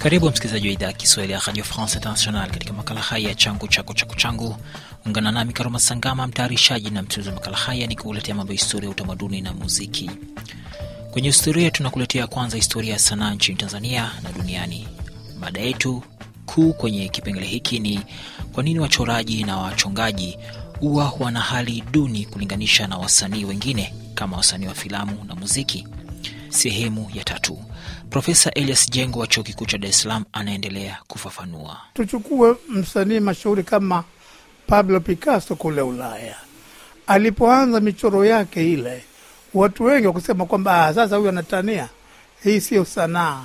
Karibu msikilizaji wa idhaa ya Kiswahili ya Radio France International katika makala haya ya changu chako chako changu. Ungana nami Karoma Sangama, mtayarishaji na mtunzi wa makala haya, ni kukuletea mambo ya historia, utamaduni na muziki. Kwenye historia tunakuletea kwanza historia ya sanaa nchini Tanzania na duniani. Mada yetu kuu kwenye kipengele hiki ni kwa nini wachoraji na wachongaji huwa wana hali duni kulinganisha na wasanii wengine kama wasanii wa filamu na muziki. Sehemu ya tatu. Profesa Elias Jengo wa Chuo Kikuu cha Dar es Salaam anaendelea kufafanua. Tuchukue msanii mashuhuri kama Pablo Picasso kule Ulaya, alipoanza michoro yake ile, watu wengi wakusema kwamba ah, sasa huyu anatania, hii siyo sanaa.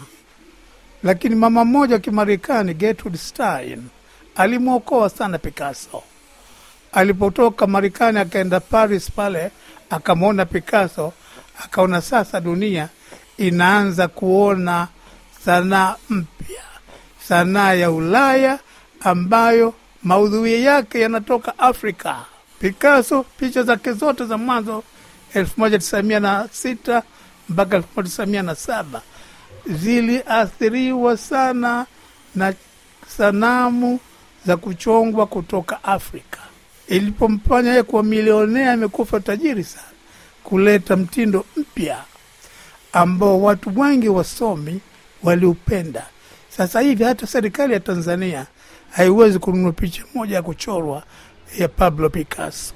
Lakini mama mmoja wa Kimarekani, Gertrude Stein, alimwokoa sana Picasso. Alipotoka Marekani akaenda Paris pale, akamwona Picasso, akaona sasa dunia inaanza kuona sanaa mpya, sanaa ya Ulaya ambayo maudhui yake yanatoka Afrika. Picasso picha zake zote za mwanzo sita mpaka saba ziliathiriwa sana na sanamu za kuchongwa kutoka Afrika. Ilipomfanya yeye kuwa milionea, amekufa tajiri sana, kuleta mtindo mpya ambao watu wengi wasomi waliupenda. Sasa hivi hata serikali ya Tanzania haiwezi kununua picha moja ya kuchorwa ya Pablo Picasso,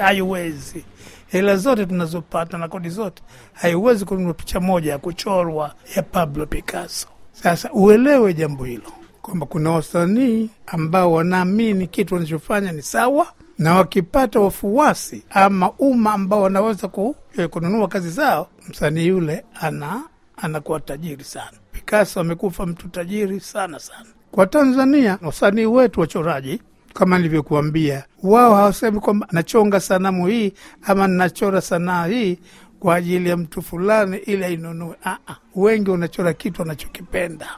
haiwezi. Hela zote tunazopata na kodi zote, haiwezi kununua picha moja ya kuchorwa ya Pablo Picasso. Sasa uelewe jambo hilo kwamba kuna wasanii ambao wanaamini kitu wanachofanya ni sawa na wakipata wafuasi ama umma ambao wanaweza ku, eh, kununua kazi zao, msanii yule ana anakuwa tajiri sana. Picasso amekufa mtu tajiri sana sana. Kwa Tanzania wasanii wetu wachoraji kama nilivyokuambia, wao hawasemi kwamba nachonga sanamu hii ama nachora sanaa hii kwa ajili ya mtu fulani ili ainunue. wengi wanachora kitu anachokipenda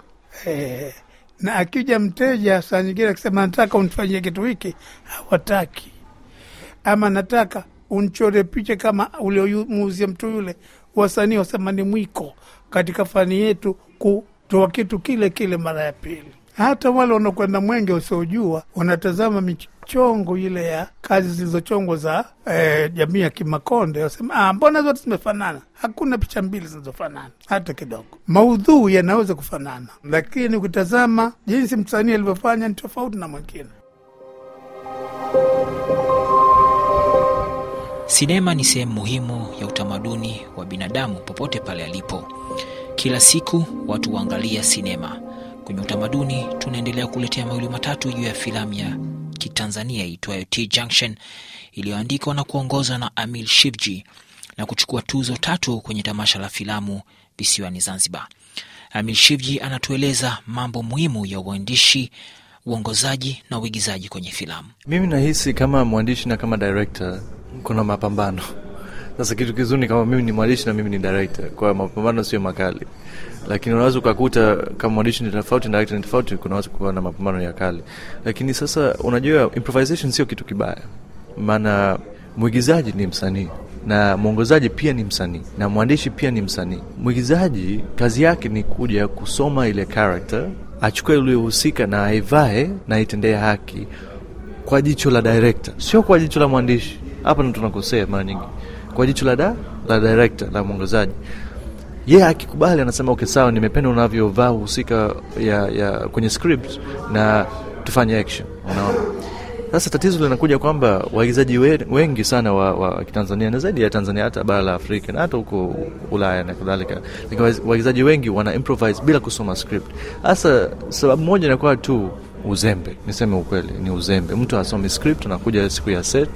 eh, na akija mteja saa nyingine akisema nataka unifanyie kitu hiki, hawataki ama nataka unchore picha kama uliomuuzia mtu yule. Wasanii wasema ni mwiko katika fani yetu kutoa kitu kile kile mara ya pili. Hata wale wanakwenda mwenge wasiojua wanatazama michongo ile ya kazi zilizochongwa za e, jamii ya Kimakonde, wasema ah, mbona zote zimefanana? Hakuna picha mbili zinazofanana hata kidogo. Maudhui yanaweza kufanana, lakini ukitazama jinsi msanii alivyofanya ni tofauti na mwingine. Sinema ni sehemu muhimu ya utamaduni wa binadamu popote pale alipo. Kila siku watu huangalia sinema. Kwenye utamaduni, tunaendelea kuletea mawili matatu juu ya filamu ya kitanzania iitwayo T Junction iliyoandikwa na kuongozwa na Amil Shivji na kuchukua tuzo tatu kwenye tamasha la filamu visiwani Zanzibar. Amil Shivji anatueleza mambo muhimu ya uandishi uongozaji na uigizaji kwenye filamu. Mimi nahisi kama mwandishi na kama direkta kuna mapambano. Sasa kitu kizuri ni kama mimi ni mwandishi na mimi ni direkta kwa mapambano sio makali, lakini unaweza ukakuta kama mwandishi ni tofauti na ni tofauti, kunaweza kuwa na mapambano ya kali. Lakini sasa, unajua improvisation sio kitu kibaya, maana mwigizaji ni msanii na mwongozaji pia ni msanii na mwandishi pia ni msanii. Mwigizaji kazi yake ni kuja kusoma ile karakta achukue uliohusika na aivae na aitendee haki kwa jicho la director, sio kwa jicho la mwandishi. Hapa ndo tunakosea mara nyingi, kwa jicho la, da, la director la mwongozaji ye yeah, akikubali anasema okay, sawa, nimependa unavyovaa husika ya, ya kwenye script na tufanye action, unaona sasa tatizo linakuja kwamba waigizaji wengi sana wa, wa Kitanzania na zaidi ya Tanzania, hata bara la Afrika na hata huko Ulaya na kadhalika, lakini waigizaji wengi wana improvise bila kusoma script. Hasa sababu moja inakuwa tu uzembe, niseme ukweli, ni uzembe. Mtu asomi script, anakuja siku ya set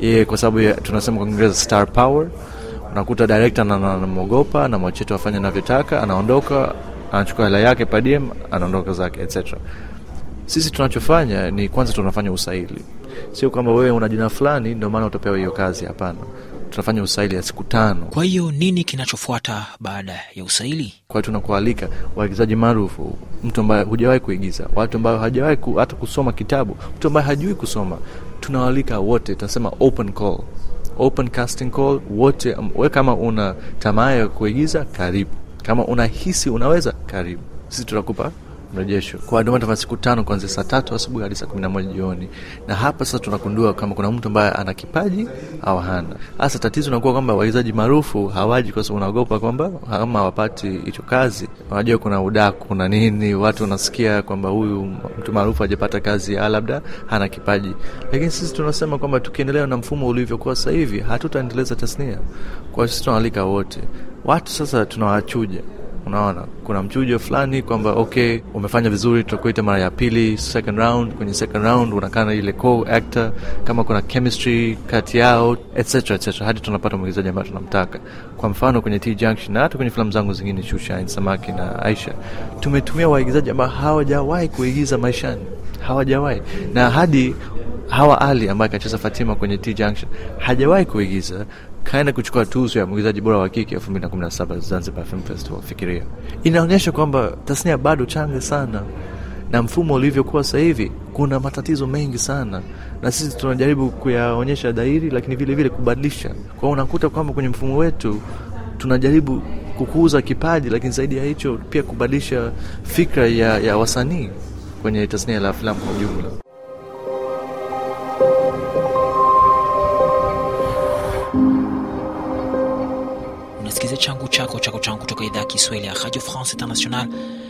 yeye, kwa sababu tunasema kwa Kiingereza star power. Unakuta director anamwogopa, na tu afanye anavyotaka, anaondoka, anachukua hela yake padiem anaondoka zake etc sisi tunachofanya ni kwanza, tunafanya usaili, sio kwamba wewe una jina fulani ndio maana utapewa hiyo kazi. Hapana, tunafanya usaili ya siku tano. Kwa hiyo nini kinachofuata baada ya usaili? Kwa tunakualika waigizaji maarufu, mtu ambaye hujawahi kuigiza, watu ambao hajawahi ku, hata kusoma kitabu, mtu ambaye hajui kusoma, tunawalika wote, tunasema open call. Open casting call, wote we, kama una tamaa ya kuigiza karibu, kama unahisi unaweza karibu, sisi tutakupa mrejesho. Kwa ndio maana siku tano kuanzia saa tatu asubuhi hadi saa kumi na moja jioni, na hapa sasa tunakundua kama kuna mtu ambaye ana kipaji au hana. Hasa tatizo nakuwa kwamba waigizaji maarufu hawaji kwa sababu unaogopa kwamba kama hawapati hicho kazi, unajua kuna udaku na nini, watu wanasikia kwamba huyu mtu maarufu ajapata kazi, a ah, labda hana kipaji. Lakini sisi tunasema kwamba tukiendelea na mfumo ulivyokuwa sasa hivi hatutaendeleza tasnia. Kwa sisi tunaalika wote watu sasa, tunawachuja unaona kuna mchujo fulani kwamba okay, umefanya vizuri, tutakuita mara ya pili, second round. Kwenye second round unakana ile co-actor, kama kuna chemistry kati yao etc etc, hadi tunapata mwigizaji ambayo tunamtaka. Kwa mfano kwenye T Junction na hata kwenye filamu zangu zingine, Shusha Samaki na Aisha, tumetumia waigizaji ambao hawajawahi kuigiza maishani, hawajawahi na hadi Hawa Ali ambaye akacheza Fatima kwenye T Junction hajawahi kuigiza, kaenda kuchukua tuzo ya mwigizaji bora wa kike 2017 Zanzibar Film Festival. Fikiria, inaonyesha kwamba tasnia bado changa sana, na mfumo ulivyokuwa sasa hivi kuna matatizo mengi sana, na sisi tunajaribu kuyaonyesha dhahiri, lakini vile vile kubadilisha kwao. Unakuta kwamba kwenye mfumo wetu tunajaribu kukuza kipaji, lakini zaidi ya hicho pia kubadilisha fikra ya, ya wasanii kwenye tasnia la filamu kwa ujumla. changu chako chako changu kutoka idhaa ya Kiswahili ya Radio France International,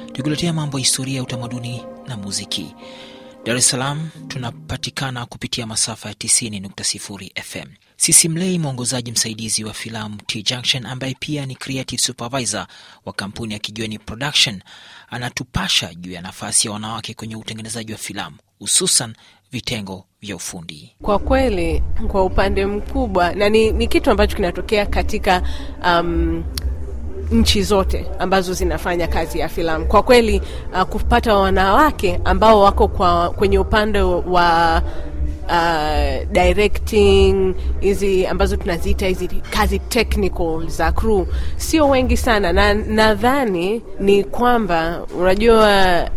tukikuletea mambo ya historia ya utamaduni na muziki. Dar es Salaam tunapatikana kupitia masafa ya 90.0 FM. Sisi Mlei, mwongozaji msaidizi wa filamu T Junction, ambaye pia ni creative supervisor wa kampuni ya kijweni Production, anatupasha juu ya nafasi ya wanawake kwenye utengenezaji wa filamu hususan vitengo vya ufundi. Kwa kweli, kwa upande mkubwa, na ni, ni kitu ambacho kinatokea katika um, nchi zote ambazo zinafanya kazi ya filamu kwa kweli. Uh, kupata wanawake ambao wako kwa, kwenye upande wa Uh, directing hizi ambazo tunaziita hizi kazi technical za crew sio wengi sana, na nadhani ni kwamba unajua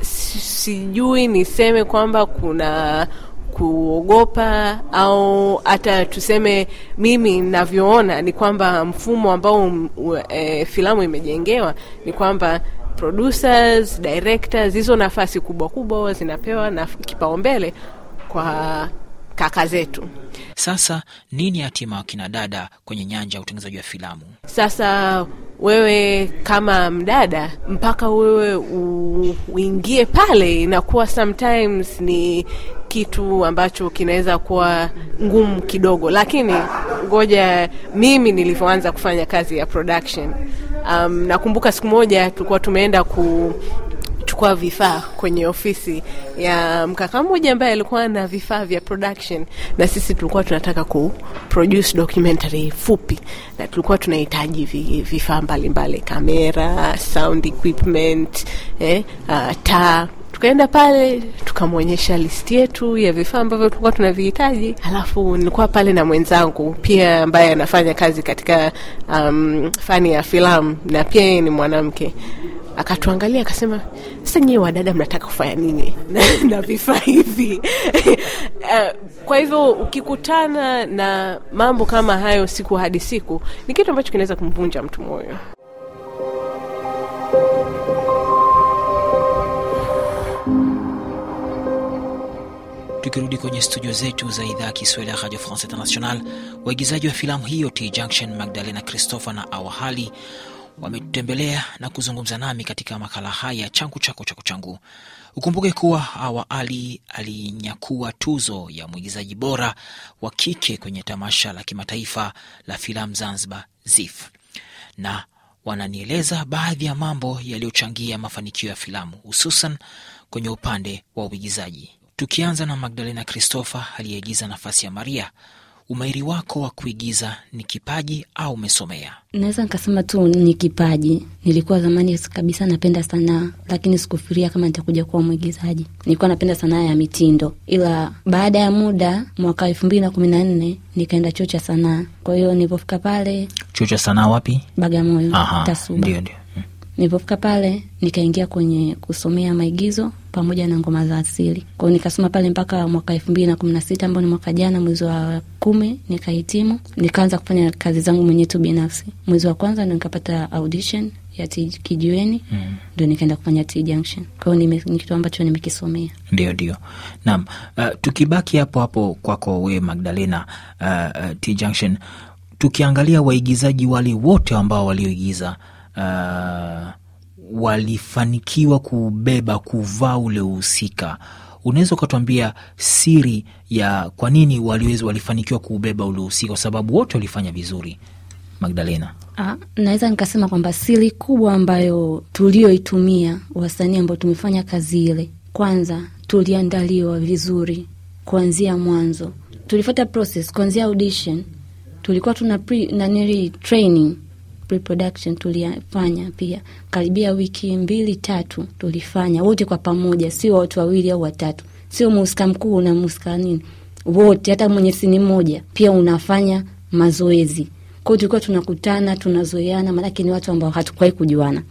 sijui niseme kwamba kuna kuogopa au hata tuseme, mimi ninavyoona ni kwamba mfumo ambao e, filamu imejengewa ni kwamba producers, directors, hizo nafasi kubwa kubwa zinapewa na kipaumbele kwa kaka zetu. Sasa nini hatima wakina dada kwenye nyanja ya utengenezaji wa filamu? Sasa wewe kama mdada, mpaka wewe uingie pale, inakuwa sometimes ni kitu ambacho kinaweza kuwa ngumu kidogo, lakini ngoja, mimi nilivyoanza kufanya kazi ya production Um, nakumbuka siku moja tulikuwa tumeenda ku, kuchukua vifaa kwenye ofisi ya mkaka mmoja ambaye alikuwa na vifaa vya production, na sisi tulikuwa tunataka ku produce documentary fupi, na tulikuwa tunahitaji vifaa mbalimbali, kamera, sound equipment, eh, uh, taa Tukaenda pale tukamwonyesha listi yetu ya vifaa ambavyo tulikuwa tunavihitaji. Alafu nilikuwa pale na mwenzangu pia ambaye anafanya kazi katika um, fani ya filamu na pia yeye ni mwanamke akatuangalia akasema, sasa nyewe wadada mnataka kufanya nini na vifaa hivi? Uh, kwa hivyo ukikutana na mambo kama hayo siku hadi siku, ni kitu ambacho kinaweza kumvunja mtu moyo. Tukirudi kwenye studio zetu za idhaa ya Kiswahili ya Radio France International, waigizaji wa filamu hiyo T Junction, Magdalena Christopher na Awahali wametutembelea na kuzungumza nami katika makala haya changu chako chako changu. Ukumbuke kuwa awaali alinyakua tuzo ya mwigizaji bora wa kike kwenye tamasha la kimataifa la filamu Zanzibar, ZIF, na wananieleza baadhi ya mambo yaliyochangia mafanikio ya filamu hususan kwenye upande wa uigizaji. Tukianza na Magdalena Christopher aliyeigiza nafasi ya Maria, umahiri wako wa kuigiza ni kipaji au umesomea? Naweza nikasema tu ni kipaji. Nilikuwa zamani kabisa napenda sanaa, lakini sikufikiria kama nitakuja kuwa mwigizaji. Nilikuwa napenda sanaa ya mitindo, ila baada ya muda, mwaka elfu mbili na kumi na nne nikaenda chuo cha sanaa. Kwa hiyo nilipofika pale, chuo cha sanaa wapi? Bagamoyo, Tasuba. Ndio, ndio Nilipofika pale nikaingia kwenye kusomea maigizo pamoja na ngoma za asili kwao, nikasoma pale mpaka mwaka elfu mbili na kumi na sita ambao ni mwaka jana mwezi wa kumi nikahitimu, nikaanza kufanya kazi zangu mwenyewe tu binafsi. Mwezi wa kwanza ndo nikapata audition ya kijiweni ndo mm. nikaenda kufanya T Junction. Kwa hiyo ni kitu ambacho nimekisomea. Ndio, ndio, naam. Uh, tukibaki hapo hapo kwako kwa wewe Magdalena, uh, uh, T Junction, tukiangalia waigizaji wale wote ambao walioigiza uh, walifanikiwa kubeba kuvaa ule uhusika. Unaweza ukatuambia siri ya kwa nini waliweza walifanikiwa kuubeba ule uhusika, kwa sababu wote walifanya vizuri. Magdalena, ah, naweza nikasema kwamba siri kubwa ambayo tulioitumia wasanii ambao tumefanya kazi ile, kwanza tuliandaliwa vizuri kuanzia mwanzo, tulifuata process kuanzia audition, tulikuwa tuna pre, nanili training pre tulifanya pia karibia wiki mbili tatu, tulifanya wote kwa pamoja, sio watu wawili au watatu, sio muhusika mkuu na muhusika nini, wote, hata mwenye sini moja pia unafanya mazoezi. kwao tulikuwa tunakutana, tunazoeana, maanake ni watu ambao hatukuwahi kujuana.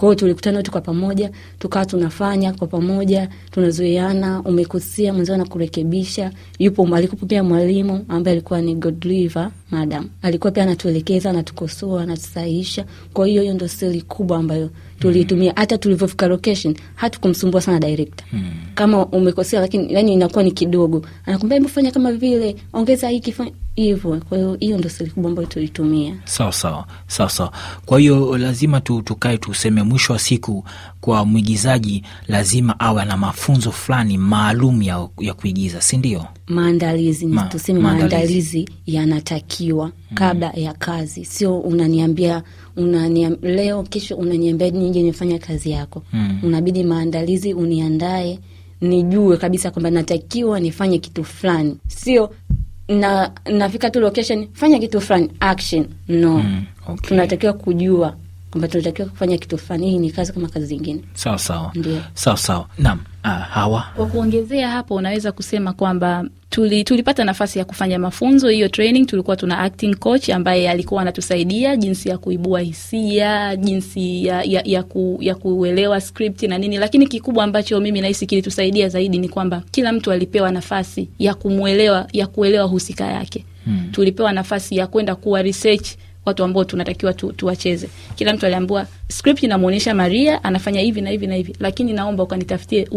Kwa tulikutana wote kwa pamoja, tukawa tunafanya kwa pamoja, tunazoeana, umekusia mwenzao anakurekebisha. Yupo alikupo pia mwalimu ambaye alikuwa ni Godliver madam, alikuwa pia anatuelekeza, anatukosoa, anatusahihisha. Kwa hiyo hiyo ndo seli kubwa ambayo tulitumia hata tulivyofika location hatukumsumbua sana director hmm. kama umekosea lakini yani inakuwa ni kidogo anakwambia hebu fanya kama vile ongeza hiki hivyo kwa hiyo hiyo ndo siri kubwa ambayo tulitumia sawa sawa sawa sawa kwa hiyo lazima tu, tukae tuseme mwisho wa siku kwa mwigizaji lazima awe na mafunzo fulani maalum ya, ya kuigiza si ndio maandalizi Ma, tuseme maandalizi yanatakiwa mm. kabla mm. ya kazi, sio unaniambia unaniam, leo kesho unaniambia nije nifanya kazi yako mm. unabidi maandalizi uniandae, nijue kabisa kwamba natakiwa nifanye kitu fulani, sio na nafika tu location fanya kitu fulani action no mm, okay. tunatakiwa kujua kwamba tunatakiwa kufanya kitu fulani. Hii ni kazi kama kazi zingine. Sawa sawa, ndio sawa sawa. Naam. Ah, hawa kwa kuongezea hapo, unaweza kusema kwamba tuli, tulipata nafasi ya kufanya mafunzo hiyo training. Tulikuwa tuna acting coach ambaye alikuwa anatusaidia jinsi ya kuibua hisia, jinsi ya, ya, ya, ku, ya kuelewa script na nini, lakini kikubwa ambacho mimi nahisi kilitusaidia zaidi ni kwamba kila mtu alipewa nafasi ya kumwelewa, ya kuelewa husika yake. Hmm. Tulipewa nafasi ya kwenda kuwa research watu ambao tunatakiwa tu, tuwacheze. Kila mtu aliambua script inamwonyesha Maria anafanya hivi na hivi na hivi, lakini naomba ukanitafutie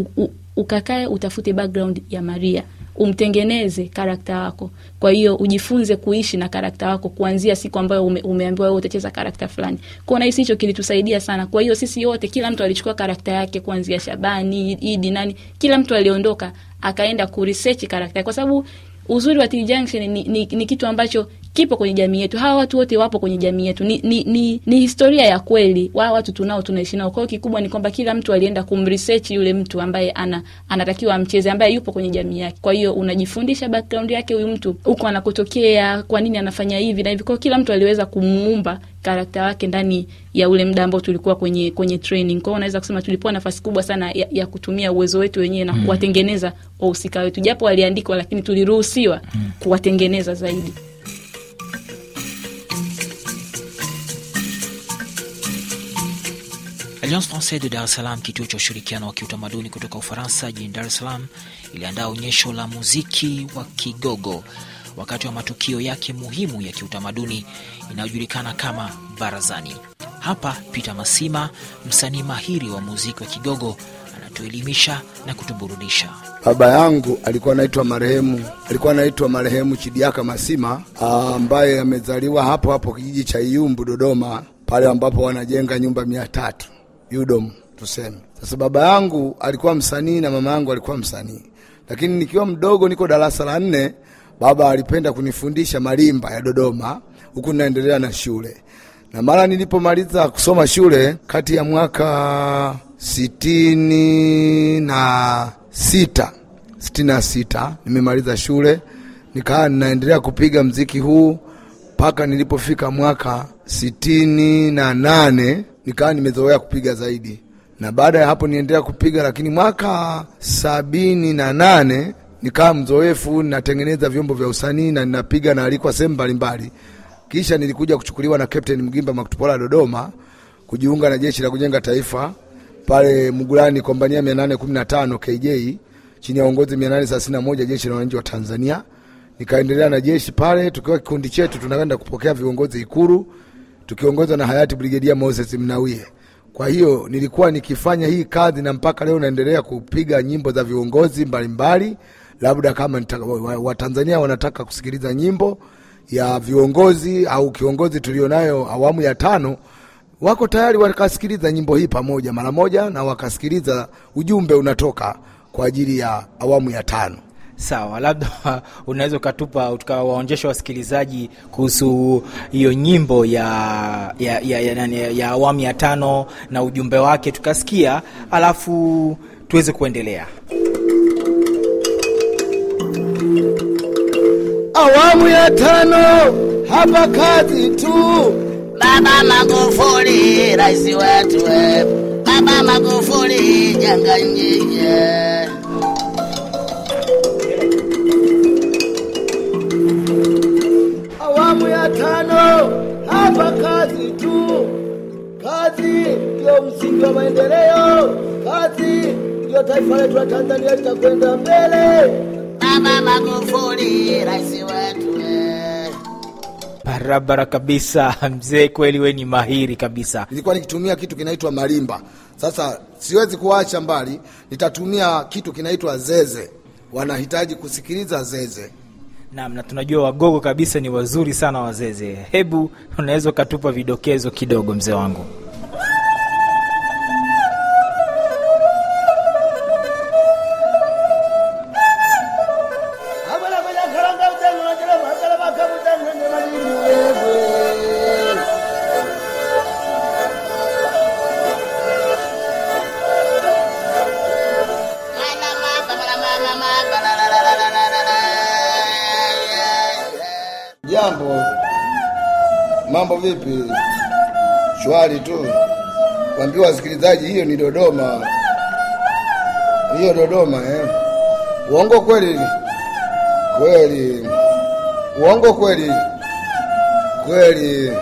ukakae utafute background ya Maria umtengeneze karakta wako. Kwa hiyo ujifunze kuishi na karakta wako kuanzia siku ambayo ume, umeambiwa wewe utacheza karakta fulani. Kwa na hisi hicho kilitusaidia sana. Kwa hiyo sisi wote kila mtu alichukua karakta yake kuanzia Shabani, Idi nani, kila mtu aliondoka akaenda kuresearch karakta kwa sababu uzuri wa T Junction ni, ni, ni kitu ambacho kipo kwenye jamii yetu. Hawa watu wote wapo kwenye jamii yetu, ni, ni, ni, ni historia ya kweli wa watu tunao tunaishi nao. Kwa hiyo kikubwa ni kwamba kila mtu alienda kumresearch yule mtu ambaye ana anatakiwa amcheze, ambaye yupo kwenye jamii yake. Kwa hiyo unajifundisha background yake, huyu mtu huko anakotokea, kwa nini anafanya hivi na hivi. Kwa hiyo kila mtu aliweza kumuumba karakta wake ndani ya ule muda ambao tulikuwa kwenye kwenye training. Kwa hiyo unaweza kusema tulipewa nafasi kubwa sana ya, ya kutumia uwezo wetu wenyewe na mm. kuwatengeneza wahusika wetu, japo waliandikwa, lakini tuliruhusiwa mm. kuwatengeneza zaidi. Alliance Francaise de Dar es Salaam, kituo cha ushirikiano wa kiutamaduni kutoka Ufaransa jijini Dar es Salaam, iliandaa onyesho la muziki wa Kigogo wakati wa matukio yake muhimu ya kiutamaduni inayojulikana kama Barazani. Hapa Peter Masima, msanii mahiri wa muziki wa Kigogo, anatuelimisha na kutuburudisha. Baba yangu alikuwa anaitwa marehemu, alikuwa anaitwa marehemu Chidiaka Masima, ah, ambaye amezaliwa hapo hapo kijiji cha Iyumbu, Dodoma, pale ambapo wanajenga nyumba mia tatu Yudom tuseme. Sasa baba yangu alikuwa msanii na mama yangu alikuwa msanii, lakini nikiwa mdogo, niko darasa la nne, baba alipenda kunifundisha marimba ya Dodoma huku naendelea na shule, na mara nilipomaliza kusoma shule kati ya mwaka sitini na sita sitini na sita nimemaliza shule nikaa ninaendelea kupiga mziki huu mpaka nilipofika mwaka sitini na nane nikawa nimezoea kupiga zaidi, na baada ya hapo niendelea kupiga, lakini mwaka sabini na nane nikawa mzoefu, natengeneza vyombo vya usanii na ninapiga na alikwa sehemu mbalimbali. Kisha nilikuja kuchukuliwa na Captain Mgimba Makutupola Dodoma kujiunga na jeshi la kujenga taifa pale Mugulani, kombania 815 KJ chini ya uongozi 831 jeshi la wananchi wa Tanzania. Nikaendelea na jeshi pale, tukiwa kikundi chetu tunakwenda kupokea viongozi Ikuru tukiongozwa na hayati Brigedia Moses Mnawie. Kwa hiyo nilikuwa nikifanya hii kazi na mpaka leo naendelea kupiga nyimbo za viongozi mbalimbali, labda kama Watanzania wanataka kusikiliza nyimbo ya viongozi au kiongozi tulionayo awamu ya tano, wako tayari wakasikiliza nyimbo hii pamoja mara moja, na wakasikiliza ujumbe unatoka kwa ajili ya awamu ya tano. Sawa, labda unaweza ukatupa tukawaonjesha wasikilizaji kuhusu hiyo nyimbo ya ya, ya, ya, ya, ya awamu ya tano na ujumbe wake tukasikia, alafu tuweze kuendelea. Awamu ya tano hapa kazi tu. Baba Magufuli, rahisi wetu, eh. Baba Magufuli, janga nyinye eh. kwa maendeleo, basi ndio taifa letu la Tanzania litakwenda mbele. Baba Magufuli, rais wetu barabara kabisa. Mzee kweli, we ni mahiri kabisa. Nilikuwa nikitumia kitu kinaitwa marimba sasa siwezi kuacha mbali, nitatumia kitu kinaitwa zeze. Wanahitaji kusikiliza zeze. Naam, na tunajua Wagogo kabisa ni wazuri sana wazeze. Hebu unaweza ukatupa vidokezo kidogo, mzee wangu? Mambo vipi? Shwari tu. Waambiwa wasikilizaji, hiyo ni Dodoma, hiyo Dodoma eh. Uongo kweli kweli, uongo kweli kweli.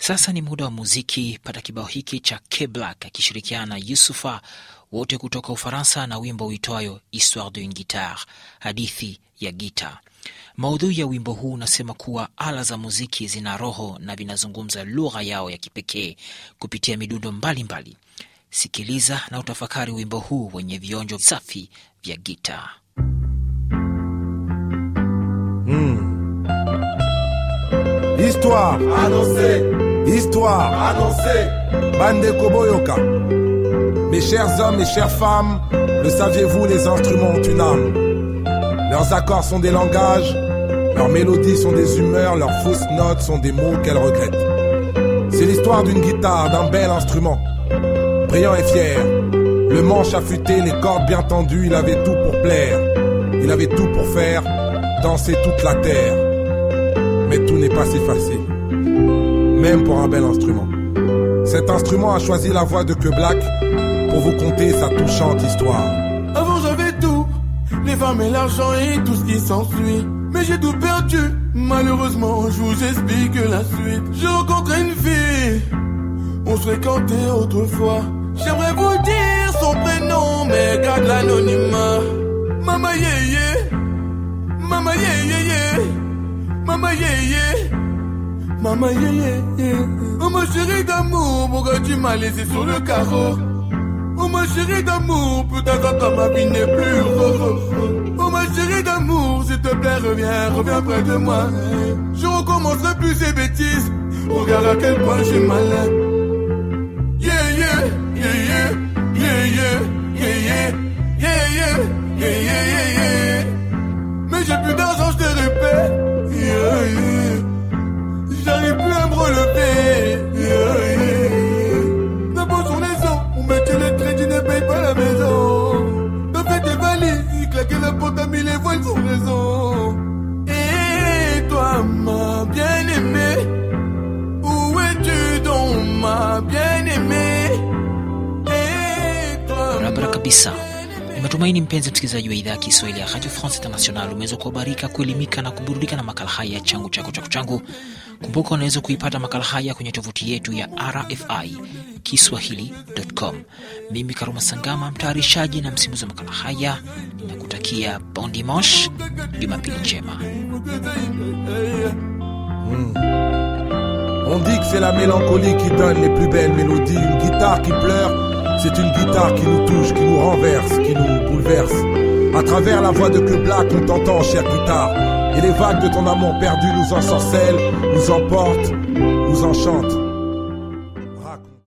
Sasa ni muda wa muziki. Pata kibao hiki cha K Black akishirikiana na Yusufa, wote kutoka Ufaransa, na wimbo uitwayo Histoire d'une guitare, hadithi ya gita. Maudhui ya wimbo huu unasema kuwa ala za muziki zina roho na vinazungumza lugha yao ya kipekee kupitia midundo mbalimbali mbali. Sikiliza na utafakari wimbo huu wenye vionjo safi vya gita. Mm. Histoire. Histoire. Bandeko Boyoka. Mes chers hommes chères femmes, le saviez-vous, les instruments ont une âme. Leurs accords sont des langages, leurs mélodies sont des humeurs, leurs fausses notes sont des mots qu'elles regrettent. C'est l'histoire d'une guitare, d'un bel instrument. Brillant et fier, le manche affûté, les cordes bien tendues, il avait tout pour plaire. Il avait tout pour faire danser toute la terre. Mais tout n'est pas si même pour un bel instrument. Cet instrument a choisi la voix de Que Black pour vous conter sa touchante histoire et l'argent et tout ce qui s'ensuit. Mais j'ai tout perdu, malheureusement, je vous explique la suite. J'ai rencontré une fille, on se fréquentait autrefois. J'aimerais vous dire son prénom, mais garde l'anonymat. Mama yé yeah, yeah. Mama yé yeah, yeah, Mama yé Mama yeah, yeah. Oh ma chérie d'amour, pourquoi tu m'as laissé sur le carreau? ma chérie d'amour, peut-être que ma vie n'est plus heureuse Oh ma chérie d'amour, s'il te plaît reviens, reviens près de moi. Je recommencerai plus ces bêtises. Regarde à quel point j'ai malin Et toi, ma bien-aimée, où es-tu donc, ma bien-aimée? et toi, ma... bien-aimée. Natumaini mpenzi msikilizaji wa idhaa ya Kiswahili ya Radio France International umeweza kuhabarika, kuelimika na kuburudika na makala haya changu chako chako changu. Kumbuka unaweza kuipata makala haya kwenye tovuti yetu ya RFI Kiswahili.com. Mimi Karuma Sangama, mtayarishaji na msimuzi wa makala haya, ninakutakia bon dimanche, Jumapili njema. Mm. On dit que c'est la qui donne les plus belles une guitare qui pleure C'est une guitare qui nous touche, qui nous renverse, qui nous bouleverse. À travers la voix de que Black, on t'entend, chère guitare. Et les vagues de ton amour perdu nous ensorcellent, nous emportent, nous enchantent.